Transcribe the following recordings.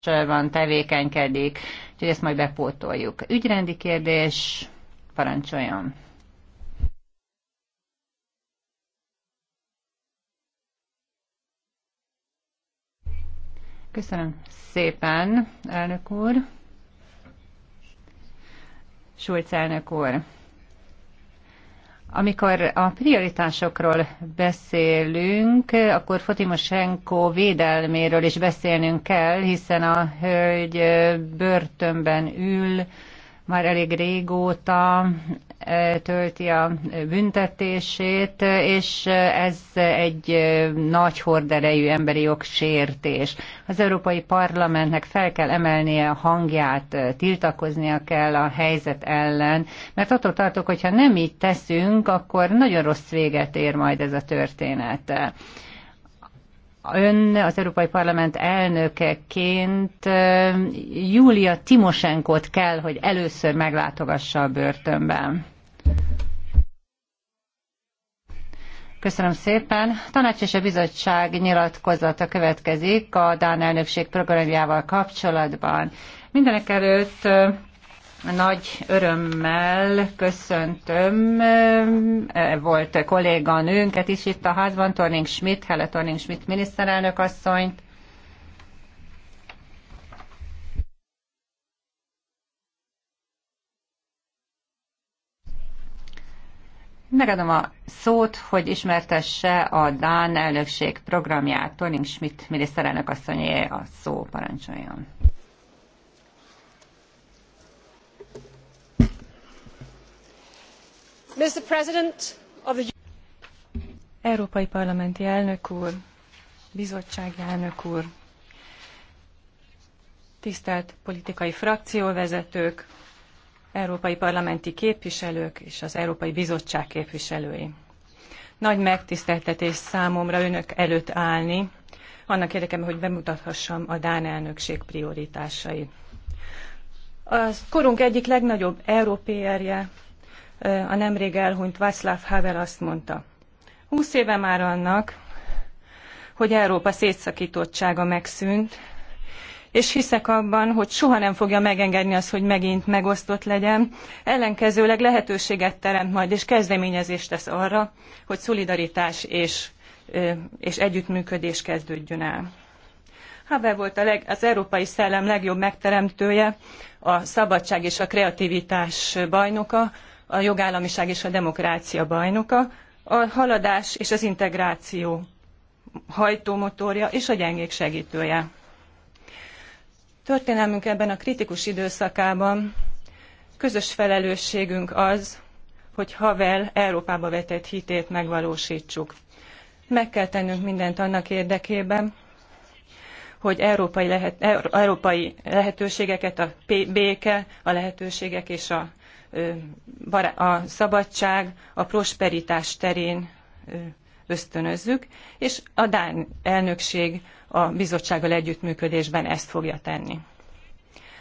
kapcsolatban tevékenykedik, úgyhogy ezt majd bepótoljuk. Ügyrendi kérdés, parancsoljon! Köszönöm szépen, elnök úr. Schulz elnök úr. Amikor a prioritásokról beszélünk, akkor Fotimosenko védelméről is beszélnünk kell, hiszen a hölgy börtönben ül, már elég régóta e, tölti a büntetését, és ez egy e, nagy horderejű emberi jogsértés. Az Európai Parlamentnek fel kell emelnie a hangját, e, tiltakoznia kell a helyzet ellen, mert attól tartok, hogyha nem így teszünk, akkor nagyon rossz véget ér majd ez a történet. Ön az Európai Parlament elnökeként Júlia Timosenkot kell, hogy először meglátogassa a börtönben. Köszönöm szépen. Tanács és a bizottság nyilatkozata következik a Dán elnökség programjával kapcsolatban. Mindenek előtt nagy örömmel köszöntöm, eh, volt nőnket is itt a házban, Torning Schmidt, Helle Torning Schmidt miniszterelnök asszonyt, Megadom a szót, hogy ismertesse a Dán elnökség programját. Toning Schmidt miniszterelnök asszonyé a szó parancsoljon. Európai Parlamenti Elnök úr, Bizottsági Elnök úr, tisztelt politikai frakcióvezetők, európai parlamenti képviselők és az Európai Bizottság képviselői. Nagy megtiszteltetés számomra önök előtt állni, annak érdekében, hogy bemutathassam a Dán elnökség prioritásait. A korunk egyik legnagyobb európérje, a nemrég elhunyt Václav Havel azt mondta. Húsz éve már annak, hogy Európa szétszakítottsága megszűnt, és hiszek abban, hogy soha nem fogja megengedni az, hogy megint megosztott legyen, ellenkezőleg lehetőséget teremt majd, és kezdeményezést tesz arra, hogy szolidaritás és, és együttműködés kezdődjön el. Havel volt a leg, az európai szellem legjobb megteremtője, a szabadság és a kreativitás bajnoka, a jogállamiság és a demokrácia bajnoka, a haladás és az integráció hajtómotorja és a gyengék segítője. Történelmünk ebben a kritikus időszakában közös felelősségünk az, hogy Havel Európába vetett hitét megvalósítsuk. Meg kell tennünk mindent annak érdekében, hogy európai, lehet, e, európai lehetőségeket, a béke, a lehetőségek és a, a szabadság, a prosperitás terén ösztönözzük, és a Dán elnökség a bizottsággal együttműködésben ezt fogja tenni.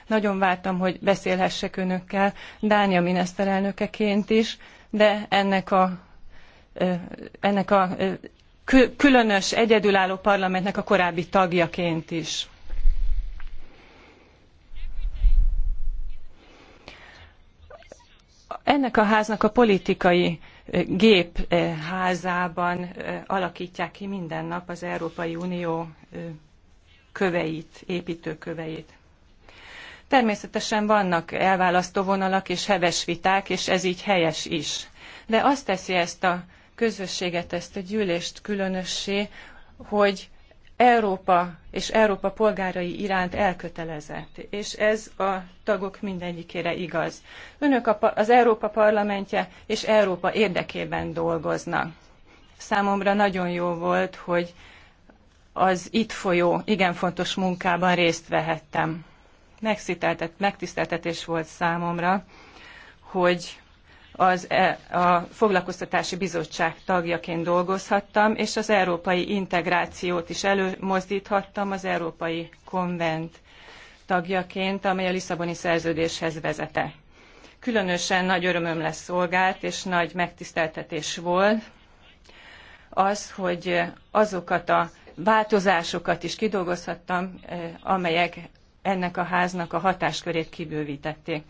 Nagyon vártam, hogy beszélhessek önökkel, Dánia miniszterelnökeként is, de ennek a ennek a különös, egyedülálló parlamentnek a korábbi tagjaként is. Ennek a háznak a politikai eh, gép eh, házában eh, alakítják ki minden nap az Európai Unió köveit, építőköveit. Természetesen vannak elválasztó vonalak és heves viták, és ez így helyes is. De azt teszi ezt a közösséget, ezt a gyűlést különössé, hogy Európa és Európa polgárai iránt elkötelezett, és ez a tagok mindegyikére igaz. Önök az Európa parlamentje és Európa érdekében dolgoznak. Számomra nagyon jó volt, hogy az itt folyó igen fontos munkában részt vehettem. Megtiszteltetés volt számomra, hogy az, e, a foglalkoztatási bizottság tagjaként dolgozhattam, és az európai integrációt is előmozdíthattam az európai konvent tagjaként, amely a Lisszaboni szerződéshez vezete. Különösen nagy örömöm lesz szolgált, és nagy megtiszteltetés volt az, hogy azokat a változásokat is kidolgozhattam, eh, amelyek ennek a háznak a hatáskörét kibővítették.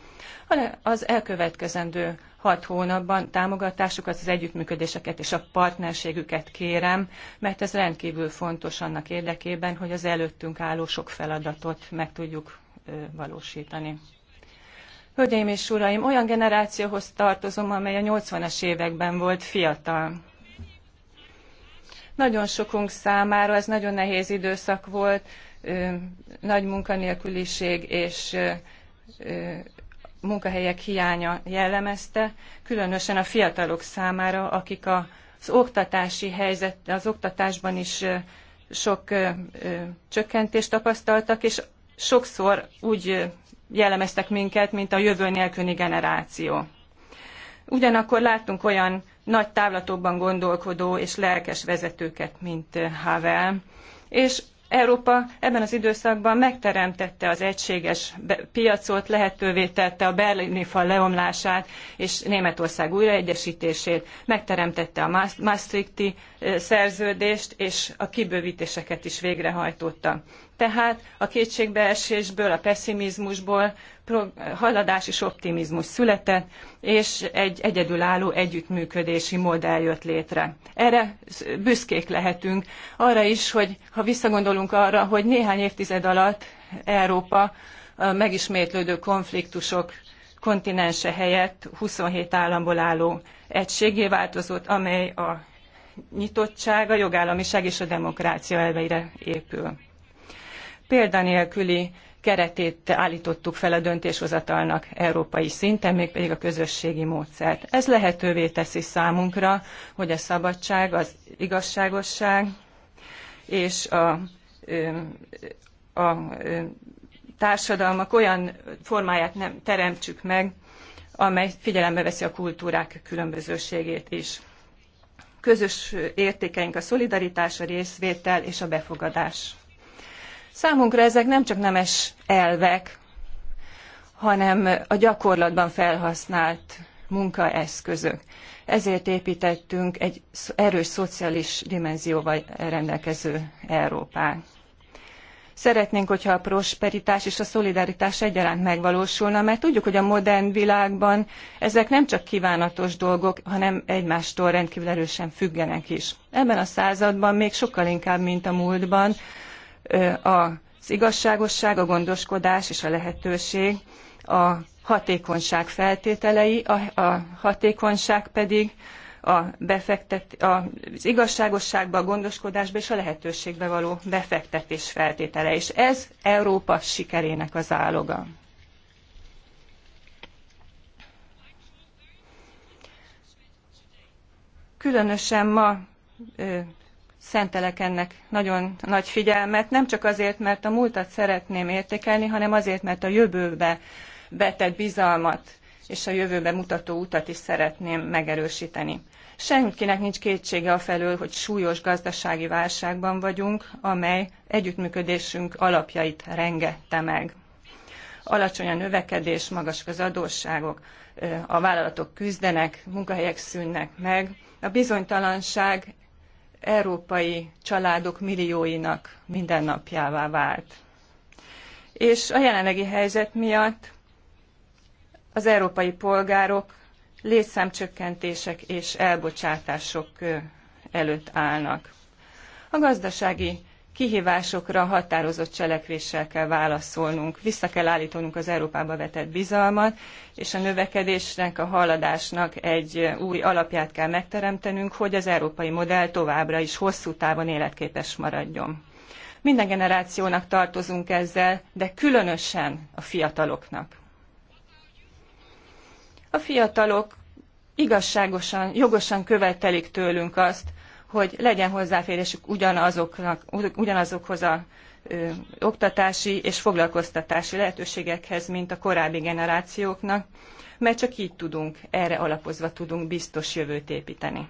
Az elkövetkezendő hat hónapban támogatásukat, az együttműködéseket és a partnerségüket kérem, mert ez rendkívül fontos annak érdekében, hogy az előttünk álló sok feladatot meg tudjuk valósítani. Hölgyeim és uraim, olyan generációhoz tartozom, amely a 80-as években volt fiatal. Nagyon sokunk számára ez nagyon nehéz időszak volt, nagy munkanélküliség és munkahelyek hiánya jellemezte, különösen a fiatalok számára, akik az oktatási helyzet, az oktatásban is sok csökkentést tapasztaltak, és sokszor úgy jellemeztek minket, mint a jövő nélküli generáció. Ugyanakkor láttunk olyan nagy távlatokban gondolkodó és lelkes vezetőket, mint Havel, és Európa ebben az időszakban megteremtette az egységes piacot, lehetővé tette a berlini fal leomlását és Németország újraegyesítését, megteremtette a Maastrichti szerződést és a kibővítéseket is végrehajtotta. Tehát a kétségbeesésből, a pessimizmusból haladás és optimizmus született, és egy egyedülálló együttműködési modell jött létre. Erre büszkék lehetünk. Arra is, hogy ha visszagondolunk arra, hogy néhány évtized alatt Európa a megismétlődő konfliktusok kontinense helyett 27 államból álló egységé változott, amely a nyitottság, a jogállamiság és a demokrácia elveire épül. Példanélküli keretét állítottuk fel a döntéshozatalnak európai szinten, mégpedig a közösségi módszert. Ez lehetővé teszi számunkra, hogy a szabadság, az igazságosság és a, a, társadalmak olyan formáját nem teremtsük meg, amely figyelembe veszi a kultúrák különbözőségét is. Közös értékeink a szolidaritás, a részvétel és a befogadás. Számunkra ezek nem csak nemes elvek, hanem a gyakorlatban felhasznált munkaeszközök. Ezért építettünk egy erős szociális dimenzióval rendelkező Európát. Szeretnénk, hogyha a prosperitás és a szolidaritás egyaránt megvalósulna, mert tudjuk, hogy a modern világban ezek nem csak kívánatos dolgok, hanem egymástól rendkívül erősen függenek is. Ebben a században még sokkal inkább, mint a múltban, az igazságosság, a gondoskodás és a lehetőség, a hatékonyság feltételei, a, a hatékonyság pedig a befektet, az igazságosságba, a gondoskodásba és a lehetőségbe való befektetés feltétele. És ez Európa sikerének az áloga. Különösen ma szentelek ennek nagyon nagy figyelmet, nem csak azért, mert a múltat szeretném értékelni, hanem azért, mert a jövőbe vetett bizalmat és a jövőbe mutató utat is szeretném megerősíteni. Senkinek nincs kétsége afelől, hogy súlyos gazdasági válságban vagyunk, amely együttműködésünk alapjait rengette meg. Alacsony a növekedés, magasak az adósságok, a vállalatok küzdenek, munkahelyek szűnnek meg, a bizonytalanság európai családok millióinak mindennapjává vált. És a jelenlegi helyzet miatt az európai polgárok létszámcsökkentések és elbocsátások előtt állnak. A gazdasági kihívásokra határozott cselekvéssel kell válaszolnunk, vissza kell állítanunk az Európába vetett bizalmat, és a növekedésnek, a haladásnak egy új alapját kell megteremtenünk, hogy az európai modell továbbra is hosszú távon életképes maradjon. Minden generációnak tartozunk ezzel, de különösen a fiataloknak. A fiatalok igazságosan, jogosan követelik tőlünk azt, hogy legyen hozzáférésük ugyanazoknak, ugyanazokhoz a ö, oktatási és foglalkoztatási lehetőségekhez, mint a korábbi generációknak, mert csak így tudunk, erre alapozva tudunk biztos jövőt építeni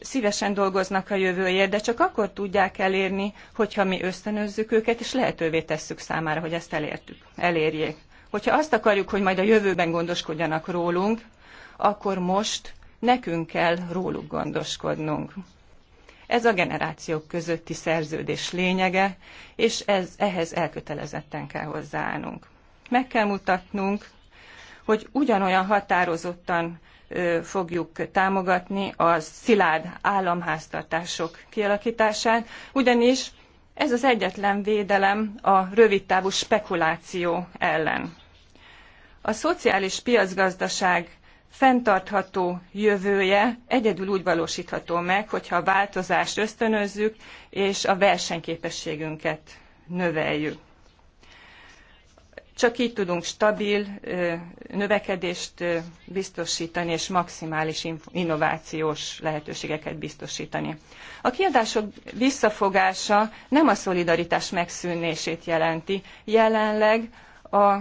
szívesen dolgoznak a jövőért, de csak akkor tudják elérni, hogyha mi ösztönözzük őket, és lehetővé tesszük számára, hogy ezt elértük, elérjék. Hogyha azt akarjuk, hogy majd a jövőben gondoskodjanak rólunk, akkor most nekünk kell róluk gondoskodnunk. Ez a generációk közötti szerződés lényege, és ez, ehhez elkötelezetten kell hozzáállnunk. Meg kell mutatnunk, hogy ugyanolyan határozottan ö, fogjuk támogatni a szilárd államháztartások kialakítását, ugyanis ez az egyetlen védelem a rövidtávú spekuláció ellen. A szociális piacgazdaság fenntartható jövője egyedül úgy valósítható meg, hogyha a változást ösztönözzük és a versenyképességünket növeljük. Csak így tudunk stabil növekedést biztosítani és maximális innovációs lehetőségeket biztosítani. A kiadások visszafogása nem a szolidaritás megszűnését jelenti. Jelenleg a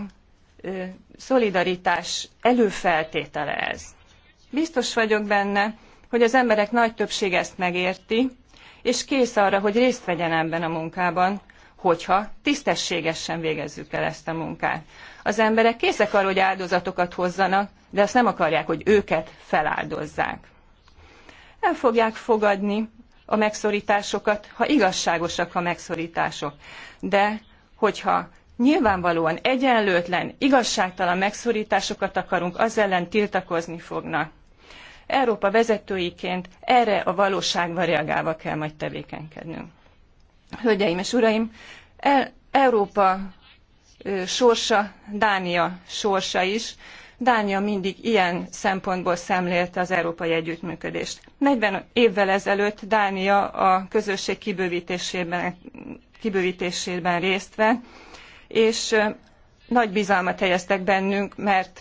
szolidaritás előfeltétele ez. Biztos vagyok benne, hogy az emberek nagy többsége ezt megérti, és kész arra, hogy részt vegyen ebben a munkában, hogyha tisztességesen végezzük el ezt a munkát. Az emberek készek arra, hogy áldozatokat hozzanak, de azt nem akarják, hogy őket feláldozzák. El fogják fogadni a megszorításokat, ha igazságosak a megszorítások. De hogyha nyilvánvalóan egyenlőtlen, igazságtalan megszorításokat akarunk, az ellen tiltakozni fognak. Európa vezetőiként erre a valóságra reagálva kell majd tevékenykednünk. Hölgyeim és uraim, el, Európa sorsa, Dánia sorsa is. Dánia mindig ilyen szempontból szemlélte az európai együttműködést. 40 évvel ezelőtt Dánia a közösség kibővítésében, kibővítésében részt vett, és nagy bizalmat helyeztek bennünk, mert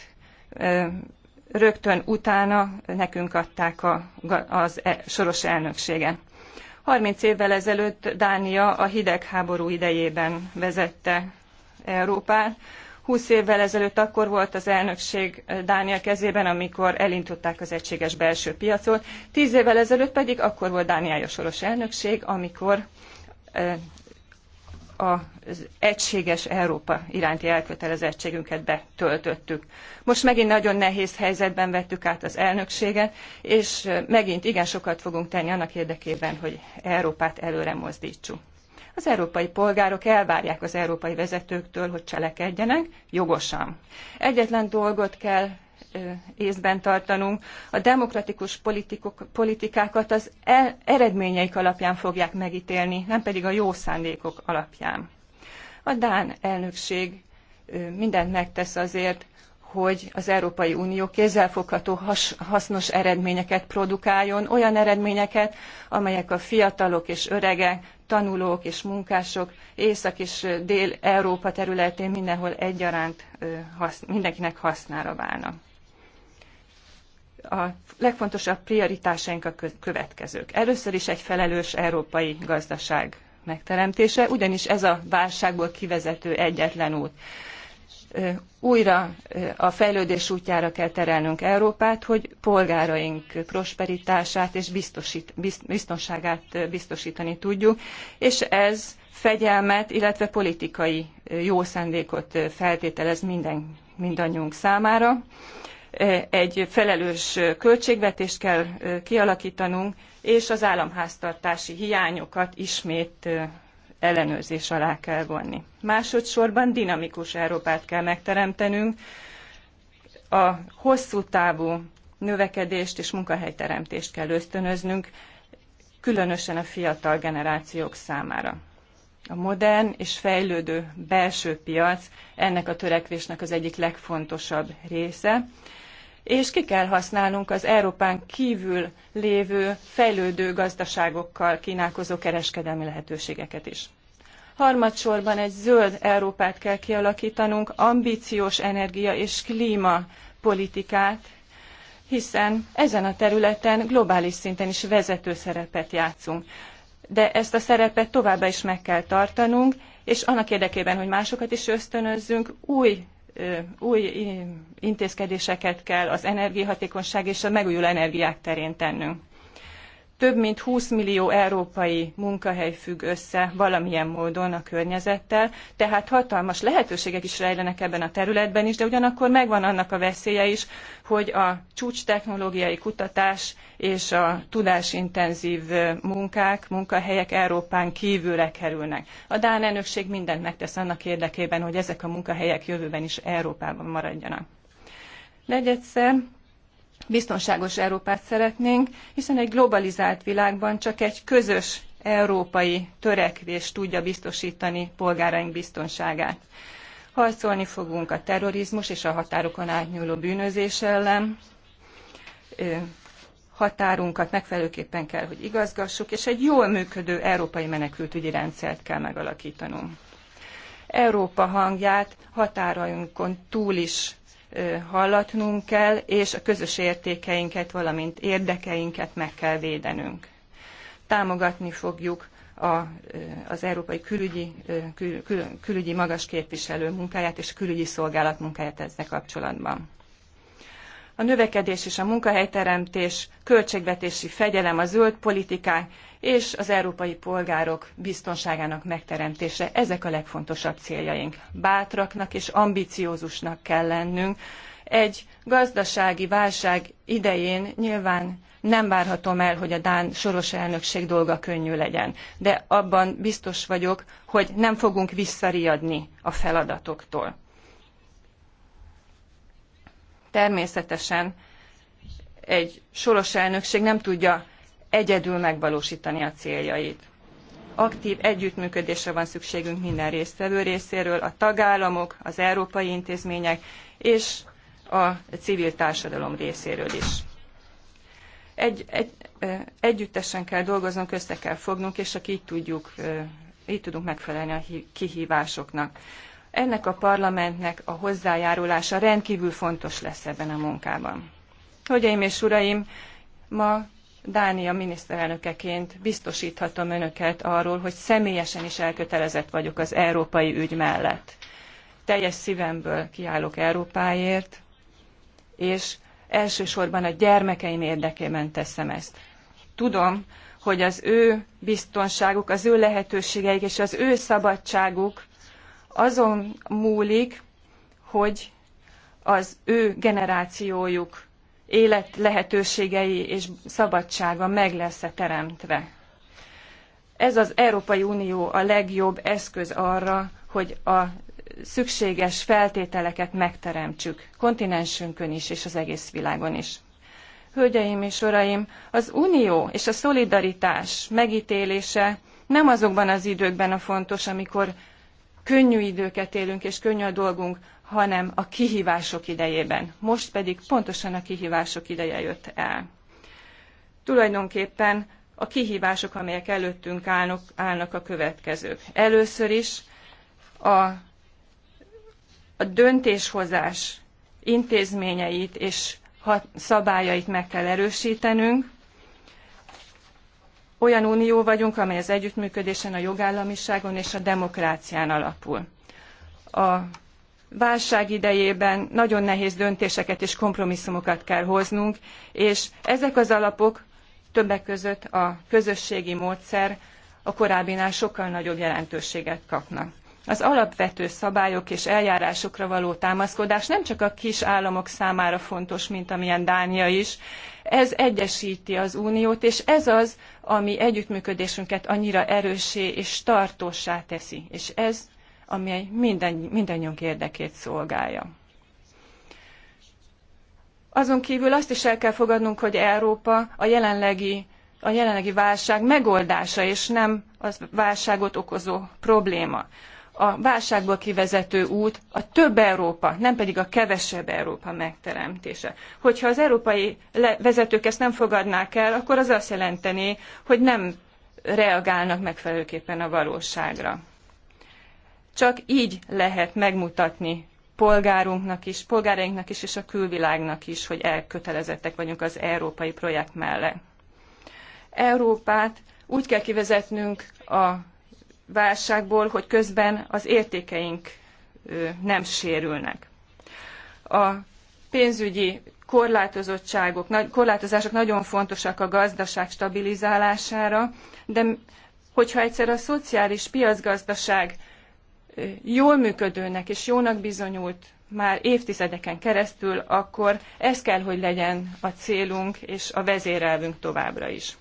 rögtön utána nekünk adták a, az e, soros elnökségen. 30 évvel ezelőtt Dánia a hidegháború idejében vezette Európát. 20 évvel ezelőtt akkor volt az elnökség Dánia kezében, amikor elintották az egységes belső piacot. 10 évvel ezelőtt pedig akkor volt Dániája soros elnökség, amikor az egységes Európa iránti elkötelezettségünket betöltöttük. Most megint nagyon nehéz helyzetben vettük át az elnökséget, és megint igen sokat fogunk tenni annak érdekében, hogy Európát előre mozdítsuk. Az európai polgárok elvárják az európai vezetőktől, hogy cselekedjenek, jogosan. Egyetlen dolgot kell észben tartanunk. A demokratikus politikok, politikákat az e, eredményeik alapján fogják megítélni, nem pedig a jó szándékok alapján. A Dán elnökség mindent megtesz azért, hogy az Európai Unió kézzelfogható has, hasznos eredményeket produkáljon, olyan eredményeket, amelyek a fiatalok és öregek, tanulók és munkások Észak- és Dél-Európa területén mindenhol egyaránt hasz, mindenkinek hasznára válnak a legfontosabb prioritásaink a következők. Először is egy felelős európai gazdaság megteremtése, ugyanis ez a válságból kivezető egyetlen út. Újra a fejlődés útjára kell terelnünk Európát, hogy polgáraink prosperitását és biztosít, biztonságát biztosítani tudjuk, és ez fegyelmet, illetve politikai jó szándékot feltételez minden, mindannyiunk számára egy felelős költségvetést kell kialakítanunk, és az államháztartási hiányokat ismét ellenőrzés alá kell vonni. Másodszorban dinamikus Európát kell megteremtenünk, a hosszú távú növekedést és munkahelyteremtést kell ösztönöznünk, különösen a fiatal generációk számára. A modern és fejlődő belső piac ennek a törekvésnek az egyik legfontosabb része, és ki kell használnunk az Európán kívül lévő fejlődő gazdaságokkal kínálkozó kereskedelmi lehetőségeket is. Harmadsorban egy zöld Európát kell kialakítanunk, ambíciós energia és klímapolitikát, hiszen ezen a területen globális szinten is vezető szerepet játszunk. De ezt a szerepet továbbá is meg kell tartanunk, és annak érdekében, hogy másokat is ösztönözzünk, új új intézkedéseket kell az energiahatékonyság és a megújuló energiák terén tennünk több mint 20 millió európai munkahely függ össze valamilyen módon a környezettel, tehát hatalmas lehetőségek is rejlenek ebben a területben is, de ugyanakkor megvan annak a veszélye is, hogy a csúcs technológiai kutatás és a tudásintenzív munkák, munkahelyek Európán kívülre kerülnek. A Dán elnökség mindent megtesz annak érdekében, hogy ezek a munkahelyek jövőben is Európában maradjanak. Negyedszer, Biztonságos Európát szeretnénk, hiszen egy globalizált világban csak egy közös európai törekvés tudja biztosítani polgáraink biztonságát. Harcolni fogunk a terrorizmus és a határokon átnyúló bűnözés ellen. Határunkat megfelelőképpen kell, hogy igazgassuk, és egy jól működő európai menekültügyi rendszert kell megalakítanunk. Európa hangját határainkon túl is hallatnunk kell, és a közös értékeinket, valamint érdekeinket meg kell védenünk. Támogatni fogjuk a, az Európai külügyi, kül, kül, külügyi magas képviselő munkáját és a külügyi szolgálat munkáját ezzel kapcsolatban a növekedés és a munkahelyteremtés, költségvetési fegyelem, a zöld politikák és az európai polgárok biztonságának megteremtése. Ezek a legfontosabb céljaink. Bátraknak és ambiciózusnak kell lennünk. Egy gazdasági válság idején nyilván nem várhatom el, hogy a Dán soros elnökség dolga könnyű legyen, de abban biztos vagyok, hogy nem fogunk visszariadni a feladatoktól Természetesen egy soros elnökség nem tudja egyedül megvalósítani a céljait. Aktív együttműködésre van szükségünk minden résztvevő részéről, a tagállamok, az európai intézmények és a civil társadalom részéről is. Egy, egy, együttesen kell dolgoznunk, össze kell fognunk, és csak így, tudjuk, így tudunk megfelelni a kihívásoknak. Ennek a parlamentnek a hozzájárulása rendkívül fontos lesz ebben a munkában. Hölgyeim és uraim, ma Dánia miniszterelnökeként biztosíthatom önöket arról, hogy személyesen is elkötelezett vagyok az európai ügy mellett. Teljes szívemből kiállok Európáért, és elsősorban a gyermekeim érdekében teszem ezt. Tudom, hogy az ő biztonságuk, az ő lehetőségeik és az ő szabadságuk azon múlik, hogy az ő generációjuk élet lehetőségei és szabadsága meg lesz-e teremtve. Ez az Európai Unió a legjobb eszköz arra, hogy a szükséges feltételeket megteremtsük kontinensünkön is és az egész világon is. Hölgyeim és uraim, az unió és a szolidaritás megítélése nem azokban az időkben a fontos, amikor könnyű időket élünk és könnyű a dolgunk, hanem a kihívások idejében. Most pedig pontosan a kihívások ideje jött el. Tulajdonképpen a kihívások, amelyek előttünk állnak, állnak a következők. Először is a, a döntéshozás intézményeit és szabályait meg kell erősítenünk, olyan unió vagyunk, amely az együttműködésen, a jogállamiságon és a demokrácián alapul. A válság idejében nagyon nehéz döntéseket és kompromisszumokat kell hoznunk, és ezek az alapok többek között a közösségi módszer a korábbinál sokkal nagyobb jelentőséget kapnak az alapvető szabályok és eljárásokra való támaszkodás nem csak a kis államok számára fontos, mint amilyen Dánia is, ez egyesíti az uniót, és ez az, ami együttműködésünket annyira erőssé és tartósá teszi, és ez, ami minden, mindannyiunk érdekét szolgálja. Azon kívül azt is el kell fogadnunk, hogy Európa a jelenlegi a jelenlegi válság megoldása, és nem a válságot okozó probléma a válságból kivezető út a több Európa, nem pedig a kevesebb Európa megteremtése. Hogyha az európai vezetők ezt nem fogadnák el, akkor az azt jelenteni, hogy nem reagálnak megfelelőképpen a valóságra. Csak így lehet megmutatni polgárunknak is, polgárainknak is, és a külvilágnak is, hogy elkötelezettek vagyunk az európai projekt mellett. Európát úgy kell kivezetnünk a válságból, hogy közben az értékeink nem sérülnek. A pénzügyi korlátozottságok, korlátozások nagyon fontosak a gazdaság stabilizálására, de hogyha egyszer a szociális piacgazdaság jól működőnek és jónak bizonyult már évtizedeken keresztül, akkor ez kell, hogy legyen a célunk és a vezérelvünk továbbra is.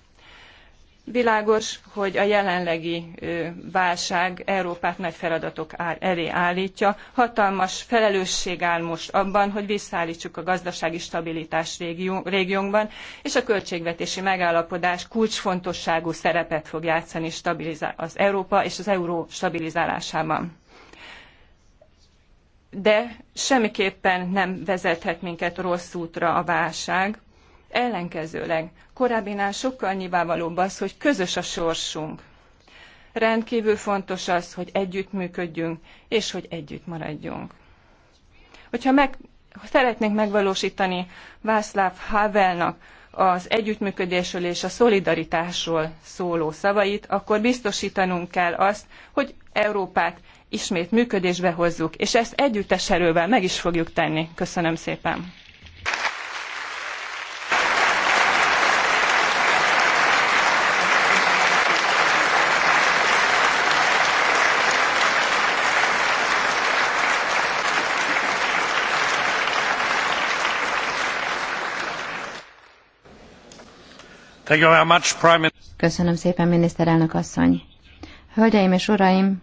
Világos, hogy a jelenlegi válság Európát nagy feladatok elé állítja. Hatalmas felelősség áll most abban, hogy visszaállítsuk a gazdasági stabilitást régiónkban, és a költségvetési megállapodás kulcsfontosságú szerepet fog játszani az Európa és az euró stabilizálásában de semmiképpen nem vezethet minket rossz útra a válság. Ellenkezőleg korábbinál sokkal nyilvánvalóbb az, hogy közös a sorsunk. Rendkívül fontos az, hogy együttműködjünk, és hogy együtt maradjunk. Hogyha meg, ha szeretnénk megvalósítani Václav Havelnak az együttműködésről és a szolidaritásról szóló szavait, akkor biztosítanunk kell azt, hogy Európát ismét működésbe hozzuk, és ezt együttes erővel meg is fogjuk tenni. Köszönöm szépen! Köszönöm szépen, miniszterelnök asszony. Hölgyeim és uraim,